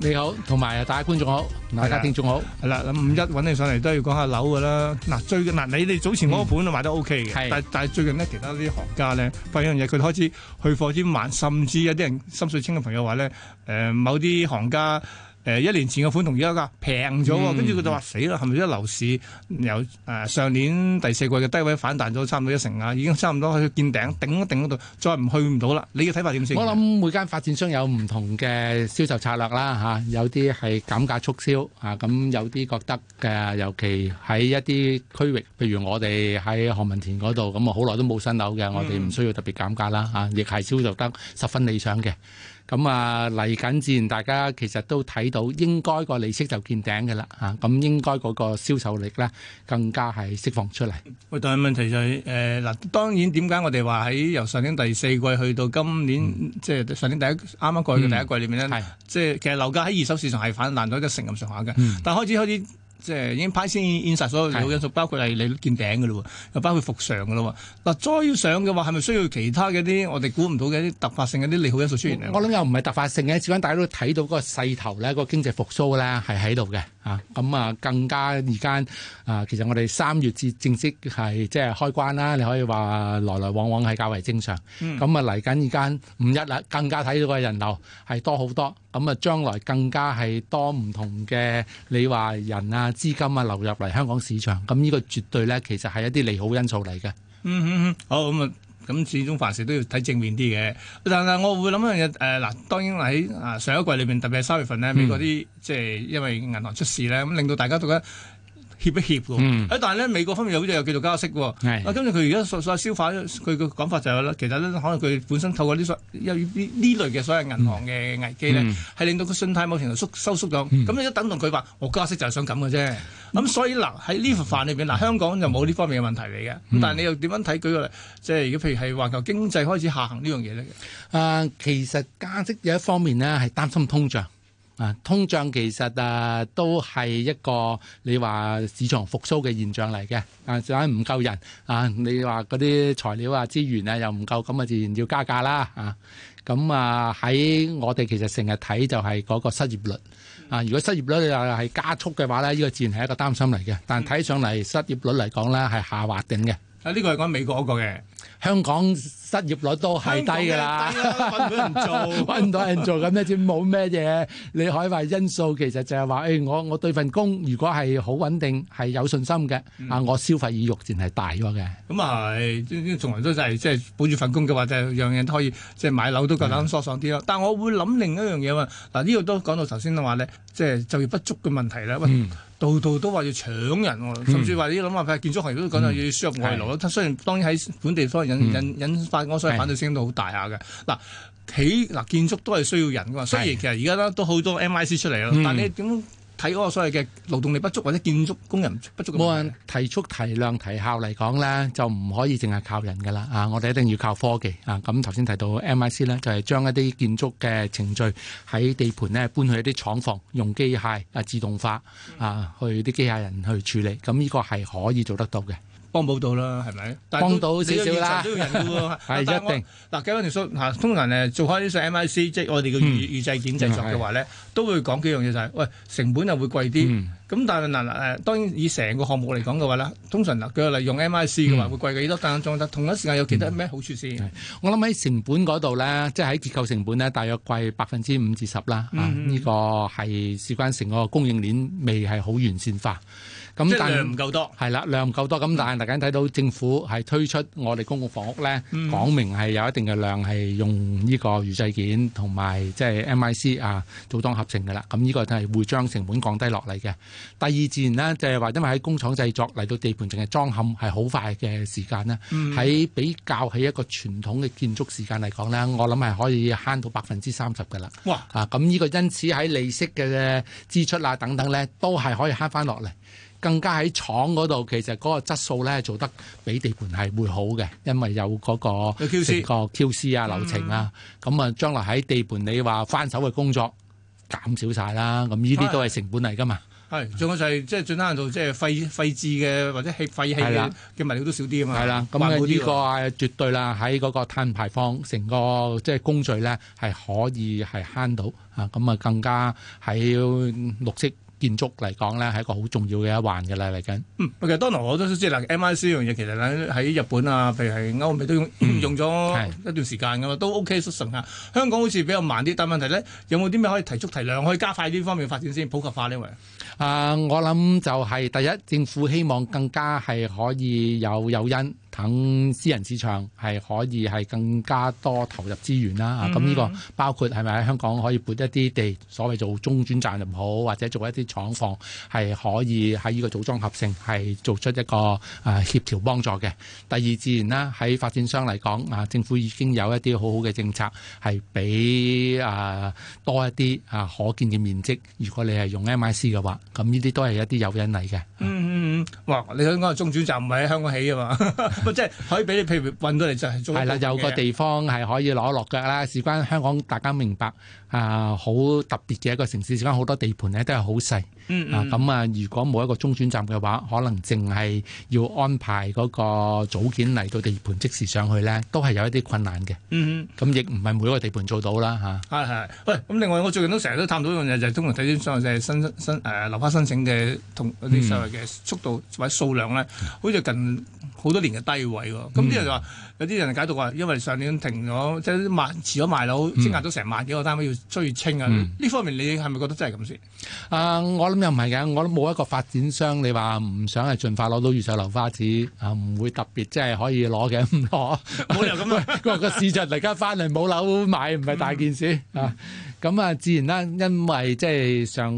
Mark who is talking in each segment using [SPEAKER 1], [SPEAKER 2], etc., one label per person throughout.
[SPEAKER 1] 你好，同埋大家觀眾好，大家聽眾好，係啦，五一揾你上嚟都要講下樓㗎啦。嗱、啊，最近嗱、啊、你哋早前嗰個盤都賣得 OK 嘅、嗯，但係最近咧其他啲行家咧，發現一樣嘢，佢哋開始去貨之慢，甚至有啲人心水清嘅朋友話咧，誒、呃、某啲行家。呃、一年前嘅款同而家價平咗，跟住佢就話死啦，係咪因為樓市有誒、呃、上年第四季嘅低位反彈咗，差唔多一成啊，已經差唔多去見
[SPEAKER 2] 頂，頂一頂嗰度，再唔去唔到啦。你嘅睇法點先？我諗每間發展商有唔同嘅銷售策略啦、啊，有啲係減價促銷啊，咁有啲覺得嘅、啊，尤其喺一啲區域，譬如我哋喺何文田嗰度，咁啊好耐都冇新樓嘅、嗯，我哋唔需要特別減價啦，嚇、啊，亦係銷售得十分理想嘅。咁、嗯、啊嚟緊，自然大家其實都睇到應該個利息就見頂嘅啦。咁應該嗰個銷售力咧更加係釋放出嚟。
[SPEAKER 1] 喂，但係問題就係誒嗱，當然點解我哋話喺由上年第四季去到今年，嗯、即係上年第一啱啱過去嘅第一季裏面咧、嗯，即係其實樓價喺二手市場係反難到一個成咁上下嘅、嗯，但開始開始。即係已經派先現實，所有利好因素包括係你見頂嘅嘞喎，又包括復常嘅嘞喎。嗱再要上嘅話，係
[SPEAKER 2] 咪需要其他嘅啲我哋估唔到嘅啲突發性嘅啲利好因素出現？我諗又唔係突發性嘅，只關大家都睇到嗰個勢頭咧，個經濟復甦咧係喺度嘅。咁啊，更加而家啊，其實我哋三月至正式係即係開關啦。你可以話來來往往係較為正常。咁啊嚟緊而家五一啦，更加睇到個人流係多好多。咁啊，將來更加係多唔同嘅，你話人啊、資金啊流入嚟香港市場，咁、這、呢個絕對咧，其實係一啲利好因素嚟嘅。嗯嗯嗯，好咁啊，
[SPEAKER 1] 咁始終凡事都要睇正面啲嘅。但係我會諗一樣嘢，嗱、呃，當然喺啊上一季裏面，特別係三月份咧，美國啲、嗯、即係因為銀行出事咧，咁令到大家都覺得。協一協嘅，但係咧美國方面又好似又繼續加息嘅，咁佢而家所所消化佢嘅講法就係咧，其實咧可能佢本身透過啲呢呢類嘅所謂銀行嘅危機咧，係令到個信貸某程度縮收縮咗，咁你一等同佢話我加息就係想咁嘅啫。咁所以嗱喺呢份飯裏邊，嗱香港就冇呢方面嘅問題嚟嘅，咁但係你又點樣睇舉個例？即係如果譬如係環球經濟開始下行呢樣嘢咧？啊，
[SPEAKER 2] 其實加息有一方面咧係擔心通脹。啊，通脹其實啊，都係一個你話市場復甦嘅現象嚟嘅。啊，就係唔夠人啊，你話嗰啲材料啊、資源啊又唔夠，咁啊自然要加價啦。啊，咁啊喺我哋其實成日睇就係嗰個失業率。啊，如果失業率又係加速嘅話咧，呢個自然係一個擔心嚟嘅。但睇上嚟失業率嚟講咧，係下滑定嘅。啊，呢個係講美國嗰個嘅。香港失業率都係低㗎啦，揾唔、啊、 到人做，揾唔到人做咁咧，先冇咩嘢。你海外因素其實就係話、哎，我我對份工如果係好穩定係有信心嘅，啊、嗯、我消費意欲戰係大咗嘅。咁、
[SPEAKER 1] 嗯、啊，即係從來都就係即係保住份工嘅話，就是、樣樣都可以，即、就、係、是、買樓都夠膽疏爽啲咯、嗯。但我會諗另一樣嘢喎。嗱、啊，呢、這、度、個、都講到頭先都話咧，即、就、係、是、就業不足嘅問題咧。度度都話要搶人喎、啊嗯，甚至話你諗下，譬如建築行業都講到要輸入外勞咯。佢、嗯、雖然當然喺本地方引引引發嗰啲反對聲音都好大下嘅。嗱、起、啊、嗱、啊、建築都係需要人㗎嘛。雖然其實而家
[SPEAKER 2] 咧都好多 M I C 出嚟啦，但你點？嗯睇嗰個所謂嘅勞動力不足或者建築工人不足嘅問題，冇提速提量提效嚟講咧，就唔可以淨係靠人㗎啦啊！我哋一定要靠科技啊！咁頭先提到 MIC 呢就係將一啲建築嘅程序喺地盤呢搬去一啲廠房，用機械啊自動化啊去啲機械人去處理，咁呢個係可以做得到嘅。
[SPEAKER 1] 幫唔到啦，係咪？但幫到少少啦。都要人 是但係我定，嗱幾多條數吓，通常咧做開呢細 MIC，即係我哋嘅預預製件製作嘅話咧，嗯、都會講幾樣嘢就係，喂，成本又會貴啲。嗯咁但係嗱當然以成
[SPEAKER 2] 個項目嚟講嘅話咧，通常佢嚟用 M I C 嘅話會貴幾多、嗯，但係裝得同一時間有其他咩好處先？我諗喺成本嗰度咧，即係喺結構成本咧，大約貴百分之五至十啦。呢、啊呢個係事關成個供應鏈未係好完善化。咁但係唔夠多係啦，即係、量唔夠多。咁但係大家睇到政府係推出我哋公共房屋咧，講、嗯、明係有一定嘅量係用呢個預製件同埋即係 M I C 啊組裝合成嘅啦。咁呢個就係會將成本降低落嚟嘅。第二自然呢就係話因為喺工廠製作嚟到地盤，淨係裝嵌係好快嘅時間啦。喺、嗯、比較起一個傳統嘅建築時間嚟講呢，我諗係可以慳到百分之三十㗎啦。哇！啊，咁呢個因此喺利息嘅支出啊等等呢，都係可以慳翻落嚟。更加喺廠嗰度，其實嗰個質素呢，做得比地盤係會好嘅，因為有嗰個成個 QC 啊流程啊。咁、嗯嗯、啊，將來喺地盤你話翻手嘅工作減少晒啦。咁呢啲都係成本嚟㗎嘛。
[SPEAKER 1] 係，仲有就係即係盡可能做即係廢廢置嘅或者棄廢氣嘅嘅物料都少啲啊嘛，咁啊呢個
[SPEAKER 2] 啊絕對啦，喺嗰個碳排放成個即係、就是、工序咧係可以係慳到啊，咁啊更加係要綠色。建築嚟講咧，係一個好重要嘅一環嘅啦，嚟緊。嗯，
[SPEAKER 1] 其實當然我都知，嗱，M I C 呢樣嘢其實喺喺日本啊，譬如係歐美都用、嗯、用咗一段時間噶嘛，都 OK success 啊。香港好似比較慢啲，但問題咧，有冇啲咩可以提速提量，可以加快呢方面發展先普及化呢？位、
[SPEAKER 2] 呃、啊，我諗就係、是、第一，政府希望更加係可以有有誘因。等私人市場係可以係更加多投入資源啦、啊，咁、嗯、呢、啊、個包括係咪喺香港可以撥一啲地，所謂做中轉站又唔好，或者做一啲廠房係可以喺呢個組裝合成係做出一個誒、啊、協調幫助嘅。第二自然啦、啊，喺發展商嚟講，啊政府已經有一啲好好嘅政策係俾誒多一啲啊可見嘅面積。如果你係用 MIC 嘅話，咁呢啲都係一啲誘因嚟嘅、啊。嗯嗯嗯，哇！你
[SPEAKER 1] 想講中轉站唔係喺香港起啊嘛？ 即係可以俾你，譬如運到嚟就係做。係啦，有個地
[SPEAKER 2] 方係可以攞落腳啦。事關香港，大家明白啊，好、呃、特別嘅一個城市，事關好多地盤咧，都係好細。嗯啊，咁、嗯、啊，如果冇一個中轉站嘅話，可能淨係要安排嗰個組件嚟到地盤，即時上去咧，都係有一啲困難嘅。嗯咁亦唔係每一個地盤做到啦，吓、
[SPEAKER 1] 啊，係係。喂，咁另外我最近都成日都探到一樣嘢，就係、是、通常睇啲上就係、是、新新誒、呃、樓花申請嘅同嗰啲所謂嘅速度或者數量咧、嗯，好似近好多年嘅低位喎，咁啲人就話、嗯、有啲人解讀話，因為上年停咗，即、就、係、是、遲咗賣樓，積壓咗成萬幾個單位、嗯、要追清啊！呢、嗯、方面你係咪覺得真係咁
[SPEAKER 2] 先？啊、呃，我諗又唔係嘅，我諗冇一個發展商你話唔想係盡快攞到預售樓花紙啊，唔、呃、會特別即係可以攞嘅，唔錯。冇理由咁個個個市場嚟家翻嚟冇樓買，唔係大件事、嗯、啊！嗯咁啊，自然啦，因為即係上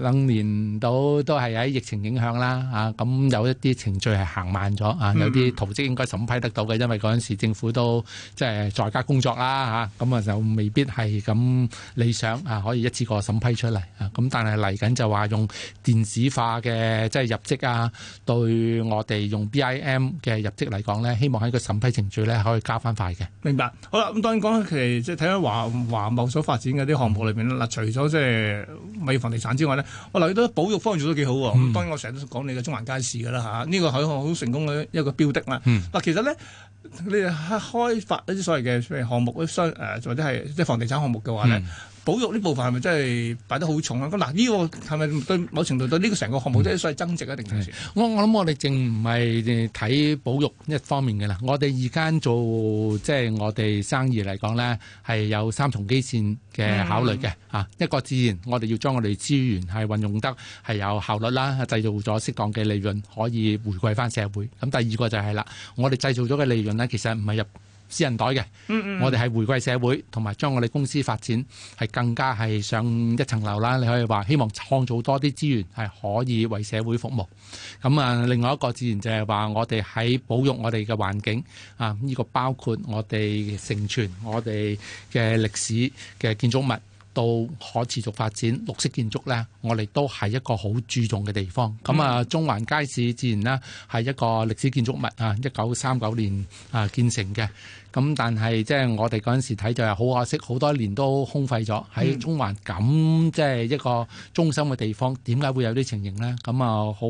[SPEAKER 2] 兩年到都係喺疫情影響啦，吓，咁有一啲程序係行慢咗啊，有啲途徑應該審批得到嘅，因為嗰陣時政府都即係在家工作啦，吓，咁啊就未必係咁理想啊，可以一次過審批出嚟啊。咁但係嚟緊就話用電子化嘅即係入則啊，對我哋用 BIM 嘅入則嚟講咧，希望喺個審批程序咧可以加翻快嘅。明白。好啦，咁當然講其即係睇下華華懋所發展嘅。啲項目裏邊啦，除
[SPEAKER 1] 咗即係賣房地產之外咧，我留意到保育方面做得幾好的。咁、嗯、當然我成日都講你嘅中環街市嘅啦嚇，呢、呢個係一個好成功嘅一個標的啦。嗱、嗯，其實咧，你開發一啲所謂嘅項目，商誒或者係即係房地產項目嘅話咧。嗯保育呢部分係咪真係擺得好重啊？嗱，呢個係咪對某程度對呢個成個項目都係增值一、啊、定、嗯、還
[SPEAKER 2] 我我諗我哋淨唔係睇保育一方面嘅啦，我哋而家做即係、就是、我哋生意嚟講咧，係有三重基線嘅考慮嘅、嗯啊、一個自然，我哋要將我哋資源係運用得係有效率啦，製造咗適當嘅利潤可以回饋翻社會。咁第二個就係啦，我哋製造咗嘅利潤咧，其實唔係入。私人袋嘅、嗯嗯，我哋係回歸社會，同埋將我哋公司發展係更加係上一層樓啦。你可以話希望創造多啲資源，係可以為社會服務，咁啊，另外一個自然就係話我哋喺保育我哋嘅環境啊，呢個包括我哋成全，我哋嘅歷史嘅建築物。到可持續發展綠色建築呢，我哋都係一個好注重嘅地方。咁、嗯、啊，中環街市自然啦係一個歷史建築物啊，一九三九年啊建成嘅。咁但係即係我哋嗰陣時睇就係好可惜，好多年都空廢咗喺中環，咁即係一個中心嘅地方，點解會有啲情形呢？咁啊，好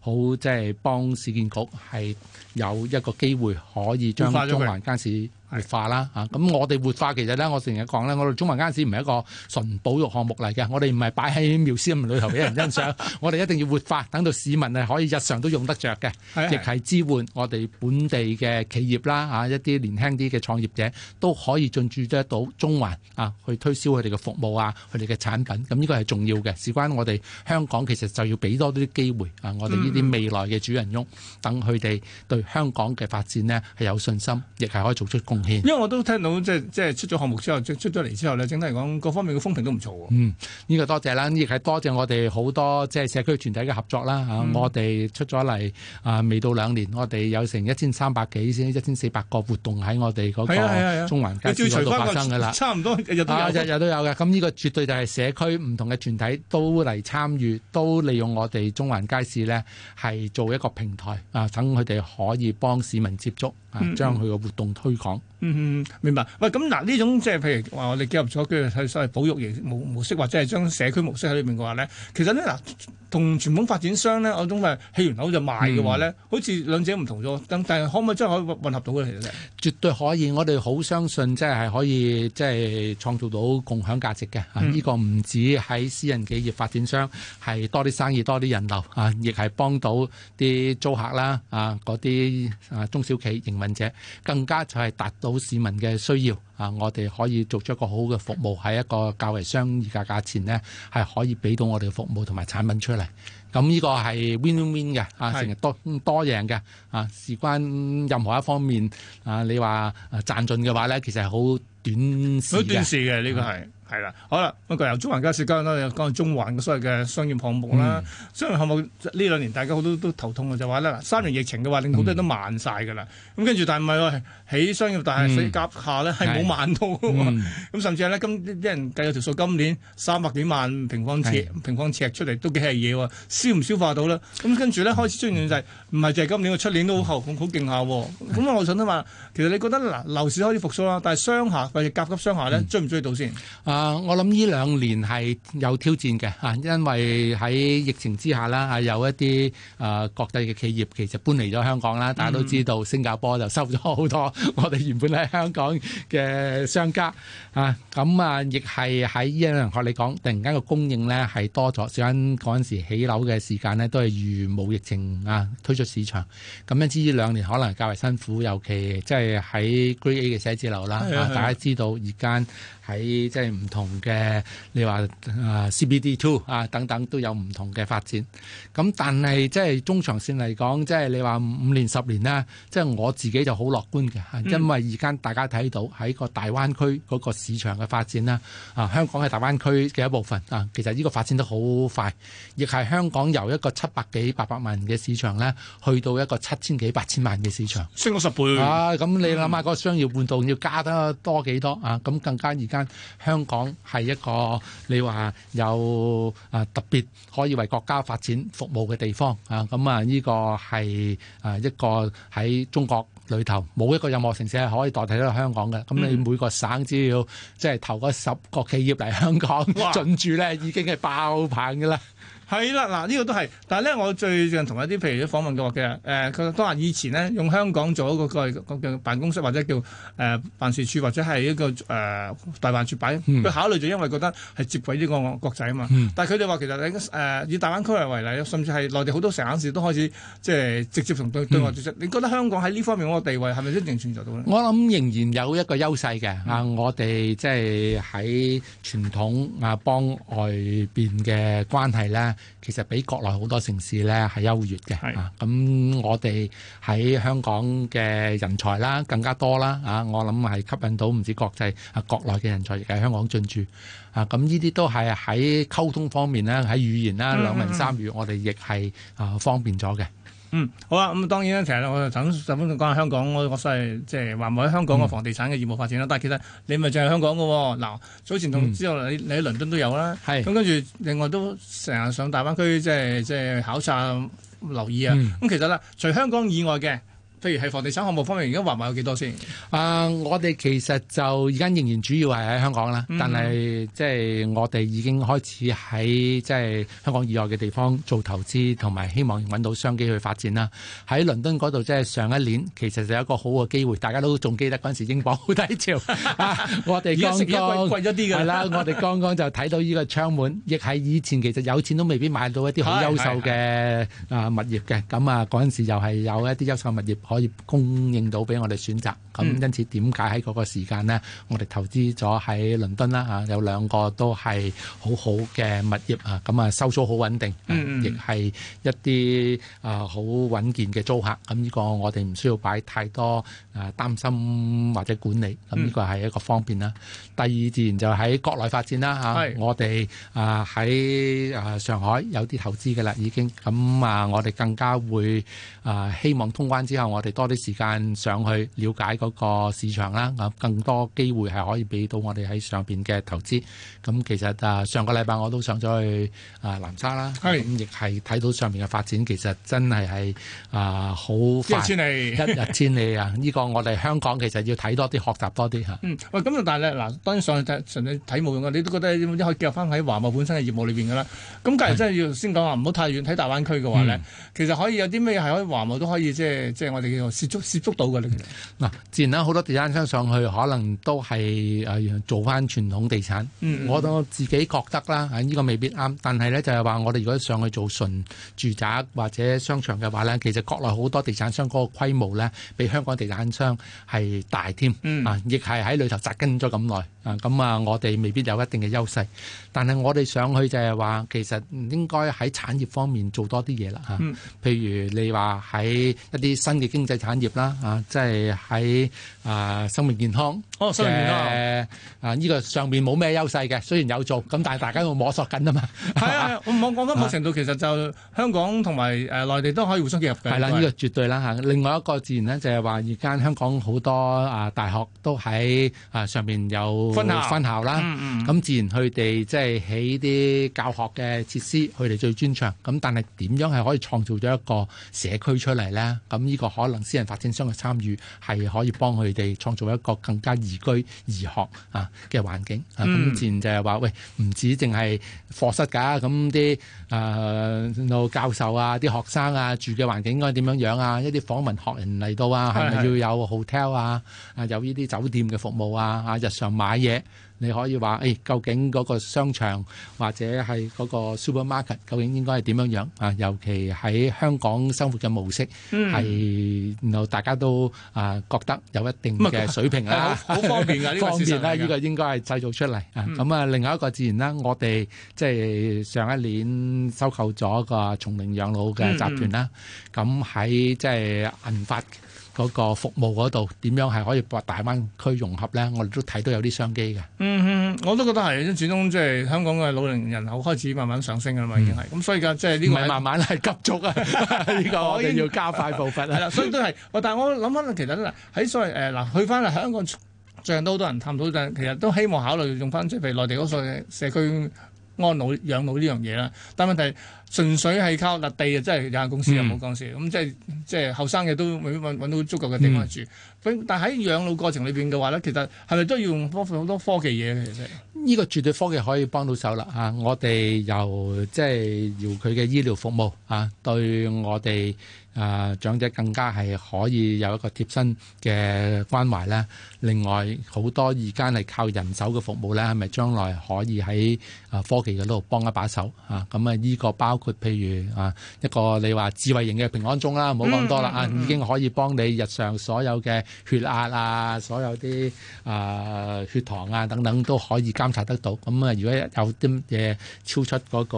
[SPEAKER 2] 好即係幫市建局係有一個機會可以將中環街市，活化啦吓咁我哋活化其實咧，我成日講咧，我哋中環街市唔係一個純保育項目嚟嘅，我哋唔係擺喺廟師唔裏頭俾人欣賞， 我哋一定要活化，等到市民係可以日常都用得着嘅， 亦係支援我哋本地嘅企業啦吓一啲年輕啲嘅創業者都可以進駐得到中環啊，去推銷佢哋嘅服務啊，佢哋嘅產品，咁呢個係重要嘅，事關我哋香港其實就要俾多啲機會啊，我哋呢啲未來嘅主人翁，等佢哋對香港嘅發展咧係有信心，亦係可以做出貢。
[SPEAKER 1] 因為我都聽到，即係即係出咗項目之後，即出出咗嚟之後咧，整體嚟講，各方面嘅風評都唔錯。嗯，
[SPEAKER 2] 呢、這個多謝，謝啦，亦係多謝我哋好多即係社區團體嘅合作啦。吓、嗯啊，我哋出咗嚟啊，未到兩年，我哋有成一千三百幾，先一千四百個活動喺我哋嗰個中環街市度，啊啊啊、發生噶啦，差唔多日日日都有嘅。咁、啊、呢個絕對就係社區唔同嘅團體都嚟參與，都利用我哋中環街市呢係做一個平台啊，等佢哋可以幫市民接觸。啊、將佢個活動推廣、嗯
[SPEAKER 1] 嗯，明白。喂，咁嗱呢種即係譬如話，我哋結合
[SPEAKER 2] 咗佢做所謂保育型模模
[SPEAKER 1] 式，或者係將社區模式喺裏邊嘅話咧，其實咧嗱，同傳統發展商咧嗰種係起完樓就賣嘅話咧、嗯，好似兩者唔同咗。但係可唔可以真係可以混合到咧？其實，
[SPEAKER 2] 絕對可以。我哋好相信，即係可以即係、就是、創造到共享價值嘅。呢、啊嗯這個唔止喺私人企業發展商係多啲生意、多啲人流啊，亦係幫到啲租客啦啊嗰啲啊中小企營。者更加就係達到市民嘅需要啊！我哋可以做出一個好嘅服務，喺一個較為商議價價錢呢係可以俾到我哋嘅服務同埋產品出嚟。咁呢個係 win win 嘅啊，成日多多贏嘅啊。事關任何一方面啊，你話賺盡嘅話呢，其實係好短時嘅，好短時嘅呢、這個係。係啦，好啦，咁過由中
[SPEAKER 1] 環加涉交到講中環嘅所謂嘅商業項目啦，商業項目呢兩年大家好多都頭痛嘅就話、是、咧，三年疫情嘅話令好多人都慢晒㗎啦。咁、嗯、跟住但唔係喎，喺商業大廈夾下咧係冇慢到嘅喎。咁、嗯啊、甚至係咧，今啲人計咗條數，今年三百幾萬平方尺平方尺出嚟都幾係嘢喎，消唔消化到咧？咁跟住咧開始出現就係唔係就係今年嘅出年都好頭痛好勁下。咁、啊啊嗯、我想問啊，其實你覺得嗱，
[SPEAKER 2] 樓市開始復甦啦，但係商下或者夾級商下咧追唔追到先？啊，我諗呢兩年係有挑戰嘅啊，因為喺疫情之下啦，啊有一啲啊各地嘅企業其實搬離咗香港啦，大家都知道新加坡就收咗好多我哋原本喺香港嘅商家啊，咁啊亦係喺呢兩年學你講，突然間個供應咧係多咗，所以嗰陣時起樓嘅時間咧都係如無疫情啊推出市場，咁樣知呢兩年可能較為辛苦，尤其即係喺 Grade A 嘅寫字樓啦，啊大家知道而家喺即係。唔同嘅，你話啊 CBD Two 啊等等都有唔同嘅發展。咁但係即係中長線嚟講，即係你話五年十年啦，即係我自己就好樂觀嘅。嗯，因為而家大家睇到喺個大灣區嗰個市場嘅發展啦，啊香港係大灣區嘅一部分啊，其實呢個發展得好快，亦係香港由一個七百幾八百萬嘅市場咧，去到一個七千幾八千萬嘅市場升咗十倍啊！咁你諗下個商業活動，要加得多幾多啊？咁更加而家香。香港係一個你話有啊特別可以為國家發展服務嘅地方啊，咁啊呢、這個係啊一個喺中國裏頭冇一個任何城市係可以代替得香港嘅。咁、嗯、你每個省只要即係投個十個企業嚟香港進駐呢，已經係爆棚噶啦。係啦，嗱、這、呢個都係，但呢，咧，我最近同一啲譬
[SPEAKER 1] 如訪問嘅，誒佢都話以前呢，用香港做一個一個嘅辦公室或者叫誒、呃、辦事處或者係一個誒、呃、大辦處擺，佢、嗯、考慮就因為覺得係接軌呢個國際啊嘛。嗯、但佢哋話其實喺、呃、以大灣區嚟為例，甚至係內地好多省市都開始即係直接同對對外接你覺得香港喺呢方面個地位係咪一定存在到呢？
[SPEAKER 2] 我諗仍然有一個優勢嘅，啊，我哋即係喺傳統啊幫外邊嘅關係咧。其實比國內好多城市咧係優越嘅，咁、啊、我哋喺香港嘅人才啦更加多啦，啊，我諗係吸引到唔止國際啊國內嘅人才亦喺香港進駐，啊，咁呢啲都係喺溝通方面啦，喺語言啦，嗯嗯嗯，兩文三語，我哋亦係啊方便咗嘅。嗯，好啊，咁、嗯、當然啦。其實我就等頭先講下香港，我我所謂即係話冇喺香港嘅
[SPEAKER 1] 房地產嘅業務發展啦、嗯。但係其實你咪就係香港嘅喎。嗱，早前同之後你你喺倫敦都有啦，咁跟住另外都成日上大灣區即係即係考察留意啊。咁、嗯
[SPEAKER 2] 嗯嗯、其實啦，除香港以外嘅。譬如喺房地產項目方面，而家還賣有幾多先？啊、呃，我哋其實就而家仍然主要係喺香港啦、嗯，但係即係我哋已經開始喺即係香港以外嘅地方做投資，同埋希望搵到商機去發展啦。喺倫敦嗰度即係上一年，其實就有一個好嘅機會，大家都仲記得嗰陣時英鎊好低潮、 啊、我哋剛剛係啦，我哋剛剛就睇到呢個窗門，亦 喺以前其實有錢都未必買到一啲好優秀嘅啊物業嘅。咁啊，嗰陣時又係有一啲優秀物業。可以供應到俾我哋選擇，咁因此點解喺嗰個時間咧，我哋投資咗喺倫敦啦嚇，有兩個都係好好嘅物業啊，咁啊收租好穩定，亦係一啲啊好穩健嘅租客，咁呢個我哋唔需要擺太多啊擔心或者管理，咁呢個係一個方便啦。第二自然就喺國內發展啦嚇，我哋啊喺啊上海有啲投資嘅啦已經，咁啊我哋更加會啊希望通關之後我。我哋多啲時間上去了解嗰個市場啦，咁更多機會係可以俾到我哋喺上邊嘅投資。咁其實啊，上個禮拜我都上咗去啊南沙啦，咁亦係睇到上面嘅發展，其實真係係啊好快一日千里啊！呢 個我哋香港其實要睇多啲，學習多啲嚇。嗯，
[SPEAKER 1] 喂，咁但係嗱，當然上去睇，純粹睇冇用嘅。你都覺得可以結合翻喺華懋本身嘅業務裏邊㗎啦。咁梗係真係要先講下，唔好太遠。睇大灣區嘅話咧、嗯，其實可以有啲
[SPEAKER 2] 咩係可以華懋都可以即係即係我哋。涉足涉足到嘅，嗱，自然啦，好多地產商上去可能都係、呃、做翻傳統地產嗯嗯。我都自己覺得啦，呢、啊呢個未必啱，但係咧就係、是、話我哋如果上去做純住宅或者商場嘅話咧，其實國內好多地產商嗰個規模咧，比香港地產商係大添、嗯、啊，亦係喺裏頭扎根咗咁耐。啊，咁啊，我哋未必有一定嘅優勢，但係我哋上去就係話，其實應該喺產業方面做多啲嘢啦吓嗯。譬如你話喺一啲新嘅經濟產業啦，啊，即係喺啊生命健康。哦、就係，生命健康。啊，呢、呢個上面冇咩優勢嘅，雖然有做，咁但係大家要摸索緊啊嘛。係 啊，啊，我我講到某程度、啊，其實就香港同埋誒內地都可以互相結合嘅。係啦、啊，呢、呢個絕對啦、啊、另外一個自然咧就係話，而家香港好多啊大學都喺啊上面有。分校、嗯、分校啦，咁、嗯、自然佢哋即係起啲教學嘅設施，佢哋最專長，咁但係點樣係可以創造咗一個社區出嚟咧？咁呢個可能私人發展商嘅參與係可以幫佢哋創造一個更加宜居宜學啊嘅環境。咁、嗯啊、自然就係話喂，唔止淨係課室㗎，咁啲誒老教授啊、啲學生啊住嘅環境應該點樣樣啊？一啲訪問學人嚟到啊，係咪要有 hotel 啊？啊，有呢啲酒店嘅服務啊？啊，日常買。嘢你可以話誒，究竟嗰個商場或者係嗰個 supermarket 究竟應該係點樣樣啊？尤其喺香港生活嘅模式係，然後大家都啊覺得有一定嘅水平啦，好方便啊！呢個方便啦，呢個應該係製造出嚟啊。咁啊，另外一個自然啦，我哋即係上一年收購咗個松齡養老嘅集團啦。咁喺即係銀發。嗰、那個服務嗰度點樣係可以話大灣區融合咧？我哋都睇到有啲商機嘅。嗯
[SPEAKER 1] 哼，
[SPEAKER 2] 我都覺得係，因為始終即係香港嘅老
[SPEAKER 1] 齡人口開始慢慢上升嘅啦嘛，已經係。咁所以嘅即係呢個係慢慢係 急促俗啊，呢 個我哋要加快步伐啊。係啦，所以都係。但係我諗翻，其實嗱，喺所謂誒嗱、呃，去翻啊香港，最近都好多人探討但其實都希望考慮用翻即係譬如內地嗰個社區安老養老呢樣嘢啦，但係問題。純粹係靠立地啊！真係有限公司啊，冇講事咁，即係即係後生嘅都未必揾揾到足夠嘅地方住。嗯但喺養老過程裏邊嘅話咧，其實係咪都要用豐好多科技嘢嘅？其實
[SPEAKER 2] 呢個絕對科技可以幫到手啦嚇、啊！我哋由即係由佢嘅醫療服務嚇、啊，對我哋啊長者更加係可以有一個貼身嘅關懷啦。另外好多而家係靠人手嘅服務咧，係咪將來可以喺啊科技嘅度幫一把手嚇？咁啊呢個包括譬如啊一個你話智慧型嘅平安鐘啦，唔好講咁多啦、嗯嗯、啊，已經可以幫你日常所有嘅。血壓啊，所有啲啊、呃、血糖啊等等都可以監察得到。咁啊，如果有啲嘢超出嗰個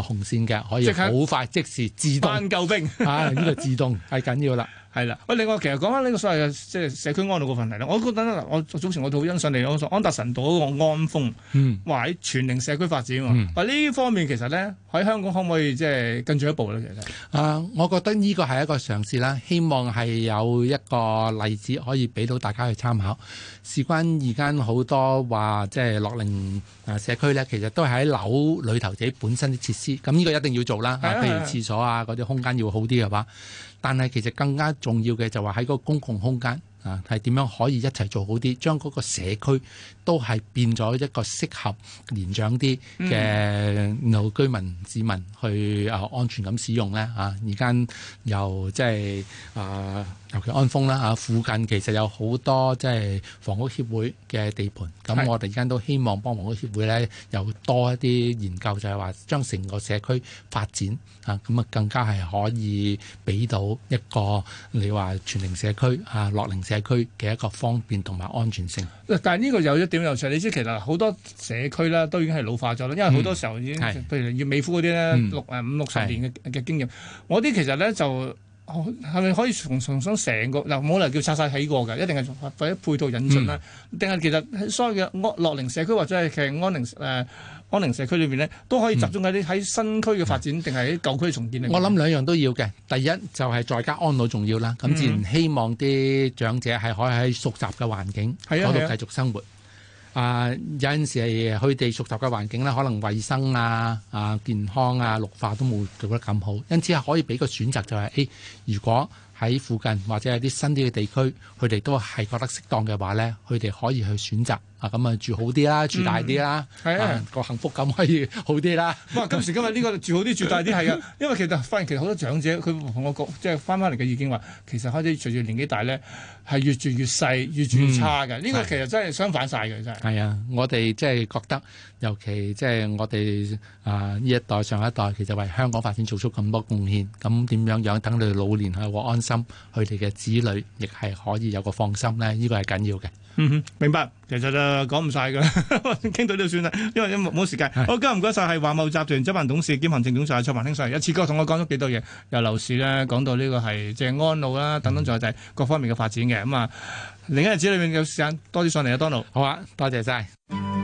[SPEAKER 2] 紅線嘅，可以好快即時自動救兵 啊！呢個自動係緊要啦。係啦，喂！另外，其實講翻呢個所謂嘅即係社區安老個問題啦，我覺得
[SPEAKER 1] 我早前我都好欣賞你安安達臣道個個安豐，話、嗯、喺全齡社區發展啊呢、
[SPEAKER 2] 嗯、方面其實咧喺香港可唔可以即係跟進一步咧？其實啊、呃，我覺得呢個係一個嘗試啦，希望係有一個例子可以俾到大家去參考。事關而家好多話即係樂齡社區咧，其實都係喺樓裏頭自己本身嘅設施，咁呢個一定要做啦。譬如廁所啊，嗰啲空間要好啲嘅話。但係其實更加重要嘅就話喺個公共空間啊，係點樣可以一齊做好啲，將嗰個社區。都係變咗一個適合年長啲嘅老居民市民去，啊安全咁使用咧嚇。而家由即係啊，尤其安豐啦嚇，附近其實有好多即係房屋協會嘅地盤。咁我哋而家都希望幫房屋協會咧，有多一啲研究，就係話將成個社區發展嚇，咁啊更加係可以俾到一個你話全齡社區嚇、樂齡社區嘅一個方便同埋安全性。
[SPEAKER 1] 但係呢個有一。點你知其實好多社區咧都已經係老化咗啦，因為好多時候已經、嗯、是譬如美孚嗰啲咧六誒五六十年嘅嘅、嗯、經驗，我啲其實咧就係咪可以從重新成個嗱，冇理由叫拆晒起過嘅，一定係或者配套引進啦，定、嗯、係其實所謂嘅安樂寧社區或者係其實安寧誒、呃、安寧社區裏邊咧都可以集中喺啲喺新區嘅發展，定係喺舊區重建裏面。我諗
[SPEAKER 2] 兩樣都要嘅，第一就係在家安老重要啦，咁自然希望啲長者係可以喺熟習嘅環境嗰度繼續生活。啊，有陣時係佢哋熟習嘅環境啦，可能衞生啊、啊健康啊、綠化都冇做得咁好，因此可以俾個選擇就係，誒，如果喺附近或者係啲新啲嘅地區，佢哋都係覺得適當嘅話咧，佢哋可以去選擇。咁啊，住好啲啦，住大啲啦，個、嗯啊啊啊、幸福感可以好啲啦。不、啊、哇，今時今日呢個住好啲、 住大啲係啊，因為其實發現其實好多長者佢我講即
[SPEAKER 1] 係翻翻嚟嘅意見話，其實開始隨住年紀大咧，係越住越細、越住越差嘅。呢、嗯啊這個其實真係相反晒嘅，真
[SPEAKER 2] 係。係啊，我哋即係覺得，尤其即係我哋啊呢一代、上一代，其實為香港發展做出咁多貢獻，咁點樣樣等你哋老年啊過安心，佢哋嘅子女亦係可以有個放心呢。呢、這個係緊要嘅。
[SPEAKER 1] 嗯哼，明白。其實就講唔晒嘅，傾 到呢度算啦，因為
[SPEAKER 2] 冇時間。好，今日唔該
[SPEAKER 1] 晒，係華懋集團執行董事兼行政總裁蔡宏興，上一次佢同我講咗幾多嘢，由樓市咧講到呢個係鄭安路啦等等，仲有就係各方面嘅發展嘅，咁啊，另一日子裏面有時間
[SPEAKER 2] 多啲上嚟阿 Donald。好啊，多謝晒。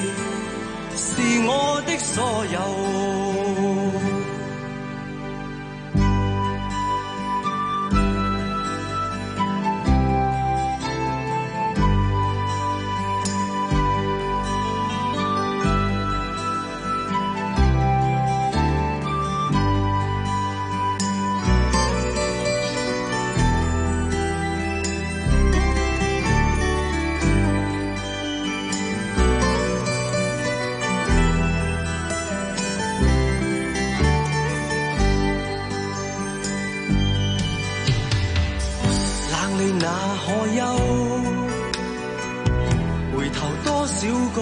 [SPEAKER 3] 所有。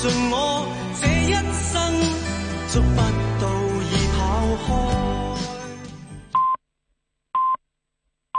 [SPEAKER 3] 盡我這一生。